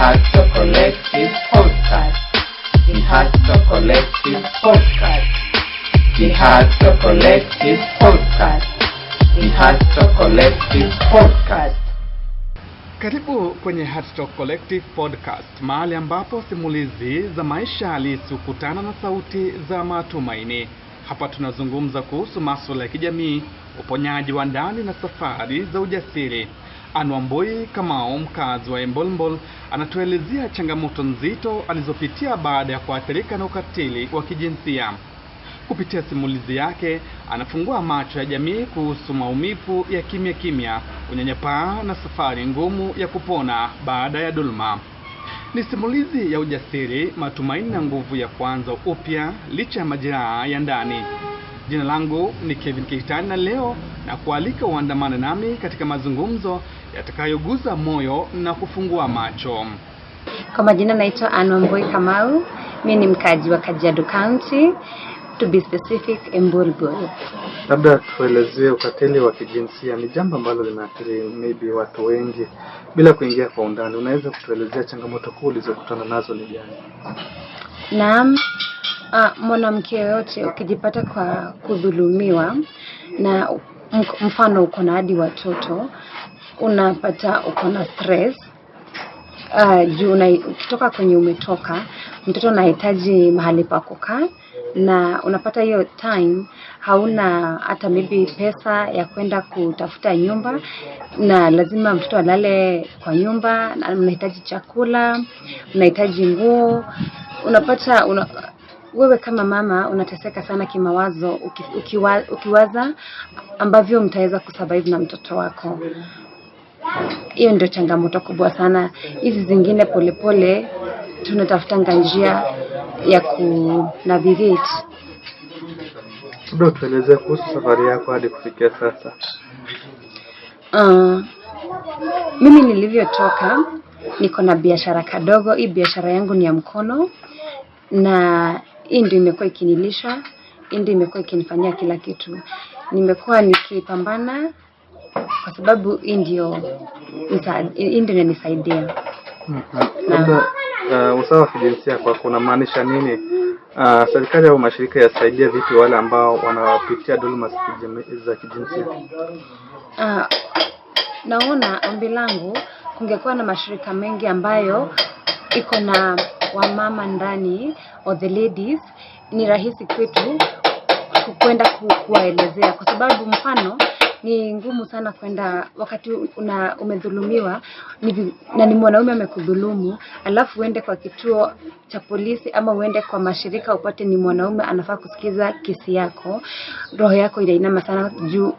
Collective Podcast. Collective Podcast. Collective Podcast. Collective Podcast. Karibu kwenye Hearttalk Collective Podcast, mahali ambapo simulizi za maisha halisi hukutana na sauti za matumaini. Hapa tunazungumza kuhusu maswala ya kijamii, uponyaji wa ndani na safari za ujasiri. Anwamboi Kamao, mkazi wa Embolmbol, anatuelezea changamoto nzito alizopitia baada ya kuathirika na ukatili wa kijinsia. Kupitia simulizi yake, anafungua macho ya jamii kuhusu maumivu ya kimya kimya, unyanyapaa na safari ngumu ya kupona baada ya dhuluma. Ni simulizi ya ujasiri, matumaini na nguvu ya kuanza upya licha ya majeraha ya ndani. Jina langu ni Kevin keitani na leo na kualika uandamane nami katika mazungumzo yatakayoguza moyo na kufungua macho. Kwa majina naitwa Anwamboi Kamau, mi ni mkaji wa Kajiado County, to be specific Emburgo. Labda tuelezee ukatili wa kijinsia ni jambo ambalo linaathiri maybe watu wengi. Bila kuingia kwa undani, unaweza kutuelezea changamoto kuu ulizokutana nazo ni gani? Naam, ah, mwanamke yoyote ukijipata kwa kudhulumiwa na mfano uko na hadi watoto unapata uko na stress uh, juu ukitoka kwenye umetoka, mtoto anahitaji mahali pa kukaa na unapata hiyo time hauna hata maybe pesa ya kwenda kutafuta nyumba, na lazima mtoto alale kwa nyumba, na unahitaji chakula, unahitaji nguo, unapata una, wewe kama mama unateseka sana kimawazo uki, ukiwa, ukiwaza ambavyo mtaweza kusurvive na mtoto wako. Hiyo ndio changamoto kubwa sana. Hizi zingine polepole tunatafutanga njia ya kunavigate. Labda tuelezee kuhusu safari yako hadi kufikia sasa. Uh, mimi nilivyotoka niko na biashara kadogo. Hii biashara yangu ni ya mkono, na hii ndio imekuwa ikinilisha, hii ndio imekuwa ikinifanyia kila kitu. Nimekuwa nikipambana kwa sababu hii ndio hii ndio inanisaidia. Labda uh, usawa wa kijinsia kwako unamaanisha nini? Uh, serikali au mashirika yasaidia vipi wale ambao wanapitia dhuluma za kijinsia? Uh, naona ombi langu kungekuwa na mashirika mengi ambayo iko na wamama ndani or the ladies, ni rahisi kwetu kwenda kuwaelezea, kwa sababu mfano ni ngumu sana kwenda wakati una, umedhulumiwa ni, na ni mwanaume amekudhulumu, alafu uende kwa kituo cha polisi ama uende kwa mashirika upate ni mwanaume anafaa kusikiza kesi yako, roho yako inainama sana juu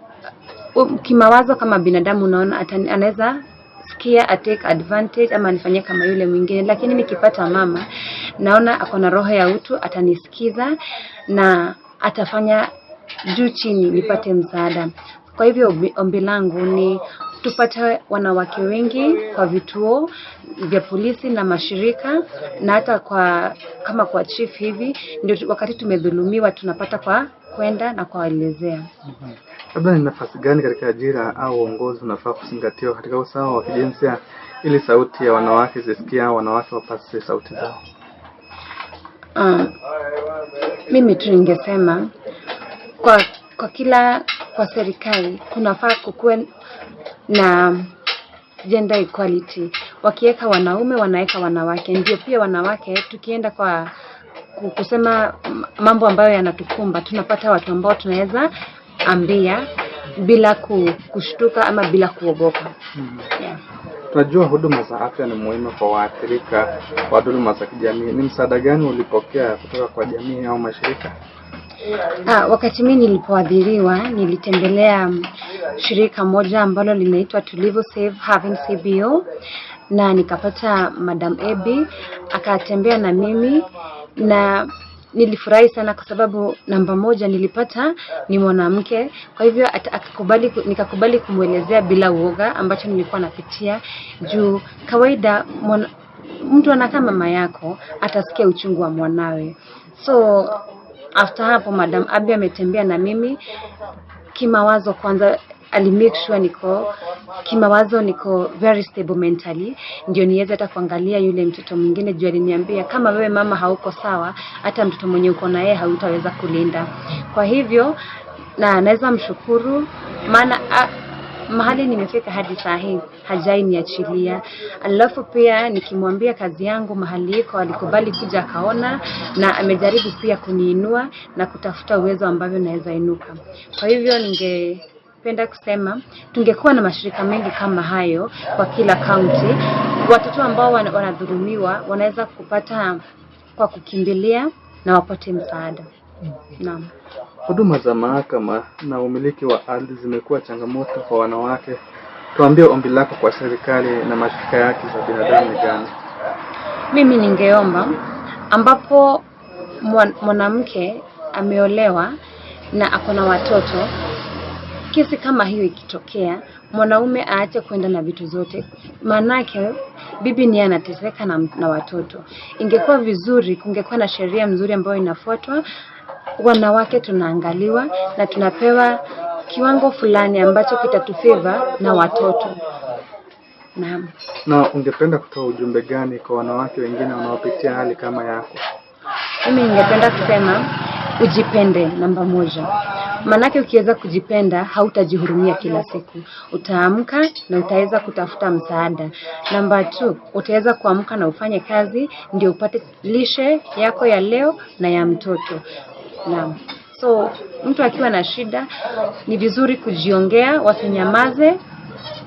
kimawazo kama binadamu unaona anaweza sikia take advantage ama anifanyia kama yule mwingine, lakini nikipata mama naona ako na roho ya utu, atanisikiza na atafanya juu chini nipate msaada. Kwa hivyo ombi langu ni tupate wanawake wengi kwa vituo vya polisi na mashirika na hata kwa kama kwa chief hivi, ndio wakati tumedhulumiwa tunapata kwa kwenda na kuwaelezea. Mhm. Labda ni nafasi gani katika ajira au uongozi unafaa kuzingatiwa katika usawa wa kijinsia ili sauti ya wanawake zisikia, wanawake wapase sauti zao? Uh, mimi tu ningesema kwa, kwa kila kwa serikali kunafaa kukuwe na gender equality. Wakiweka wanaume wanaweka wanawake, ndio pia wanawake tukienda kwa kusema mambo ambayo yanatukumba, tunapata watu ambao tunaweza ambia bila kushtuka ama bila kuogopa. mm -hmm. yeah. Tunajua huduma za afya ni muhimu kwa waathirika wa huduma za kijamii. Ni msaada gani ulipokea kutoka kwa jamii au mashirika? Ah, wakati mimi nilipoadhiriwa nilitembelea shirika moja ambalo linaitwa Tulivu Save Having CBO na nikapata Madam Ebi akatembea na mimi na nilifurahi sana kwa sababu namba moja nilipata ni mwanamke, kwa hivyo akakubali, nikakubali kumwelezea bila uoga ambacho nilikuwa napitia, juu kawaida mwana, mtu anakaa mama yako atasikia uchungu wa mwanawe so After hapo Madam Abby ametembea na mimi kimawazo. Kwanza ali make sure niko kimawazo, niko very stable mentally, ndio niweze hata kuangalia yule mtoto mwingine, juu aliniambia kama wewe mama hauko sawa, hata mtoto mwenye uko na yeye hautaweza kulinda. Kwa hivyo na naweza mshukuru maana ah, mahali nimefika hadi saa hii niachilia Alafu pia nikimwambia kazi yangu mahali iko, alikubali kuja akaona, na amejaribu pia kuniinua na kutafuta uwezo ambavyo naweza inuka. Kwa hivyo ninge penda kusema tungekuwa na mashirika mengi kama hayo kwa kila kaunti, watoto ambao wanadhulumiwa wanaweza kupata kwa kukimbilia na wapate msaada. Naam. Huduma za mahakama na umiliki wa ardhi zimekuwa changamoto kwa wanawake. Tuambie ombi lako kwa serikali na mashirika yake za binadamu ni gani? Mimi ningeomba ambapo mwanamke ameolewa na ako na watoto, kesi kama hiyo ikitokea, mwanaume aache kwenda na vitu zote, maanake bibi ni anateseka na, na watoto. Ingekuwa vizuri, kungekuwa na sheria mzuri ambayo inafuatwa wanawake tunaangaliwa na tunapewa kiwango fulani ambacho kitatufiva na watoto. Naam. Na ungependa kutoa ujumbe gani kwa wanawake wengine wanaopitia hali kama yako? Mimi ningependa kusema ujipende, namba moja. Maanake ukiweza kujipenda hautajihurumia kila siku, utaamka na utaweza kutafuta msaada. Namba two, utaweza kuamka na ufanye kazi ndio upate lishe yako ya leo na ya mtoto. Naam. So mtu akiwa na shida ni vizuri kujiongea, wasinyamaze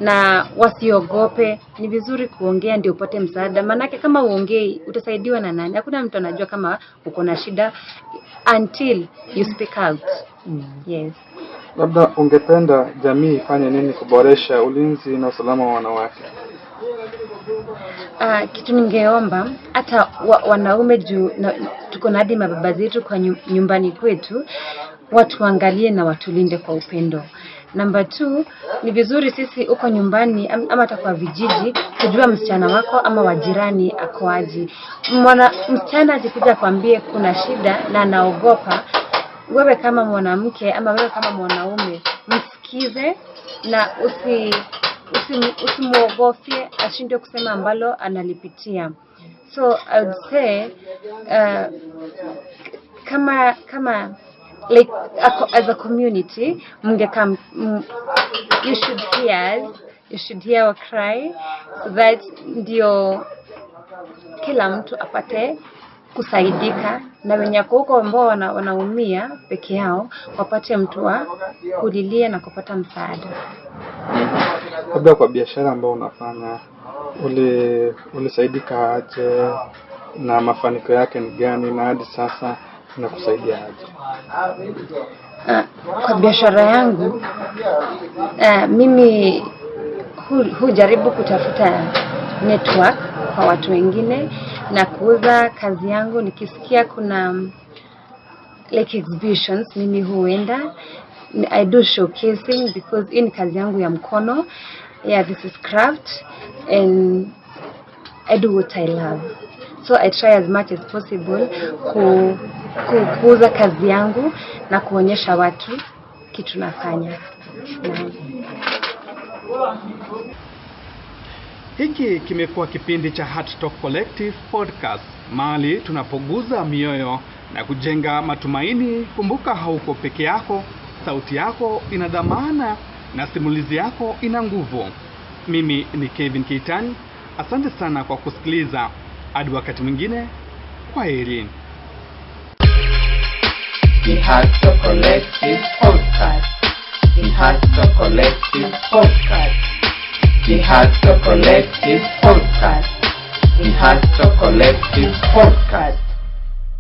na wasiogope. Ni vizuri kuongea ndio upate msaada, maanake kama uongei utasaidiwa na nani? Hakuna mtu anajua kama uko na shida until you speak out. Mm. Yes. Labda ungependa jamii ifanye nini kuboresha ulinzi na usalama wa wanawake? Uh, kitu ningeomba hata wa, wanaume juu na, tuko na hadi mababa zetu kwa nyumbani kwetu, watuangalie na watulinde kwa upendo. Namba two, ni vizuri sisi huko nyumbani ama hata kwa vijiji kujua msichana wako ama wajirani akoaji. Mwana msichana akikuja kwambie kuna shida na anaogopa, wewe kama mwanamke ama wewe kama mwanaume msikize na usi usimwogofye ashindwe kusema ambalo analipitia. So I would say uh, kama kama like as a community mngekam you should hear you should hear our cry so that ndio kila mtu apate kusaidika na wenye ako huko ambao wanaumia peke yao wapate mtu wa kulilia na kupata msaada. Labda kwa biashara ambayo unafanya ulisaidika aje na mafanikio yake ni gani, na hadi sasa inakusaidia aje? Eh, kwa biashara yangu uh, mimi hujaribu kutafuta network kwa watu wengine na kuuza kazi yangu. Nikisikia kuna mm, like exhibitions, mimi huenda I do showcasing because in ni kazi yangu ya mkono. Yeah, this is craft and I do what I love. So I try as much as possible ku, ku, kuuza kazi yangu na kuonyesha watu kitu nafanya. yeah. Hiki kimekuwa kipindi cha Heart Talk Collective Podcast, mahali tunapoguza mioyo na kujenga matumaini. Kumbuka hauko peke yako sauti yako ina dhamana na simulizi yako ina nguvu. Mimi ni Kevin Kitan, asante sana kwa kusikiliza. Hadi wakati mwingine, kwa heri. Ihato Collective Podcast. Ihato Collective Podcast. Ihato Collective Collective Podcast.